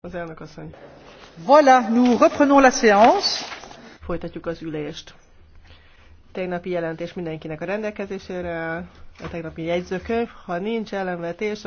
Az elnök asszony. Voilà, nous reprenons la séance. Folytatjuk az ülést. Tegnapi jelentés mindenkinek a rendelkezésére a tegnapi jegyzőkönyv. Ha nincs ellenvetés,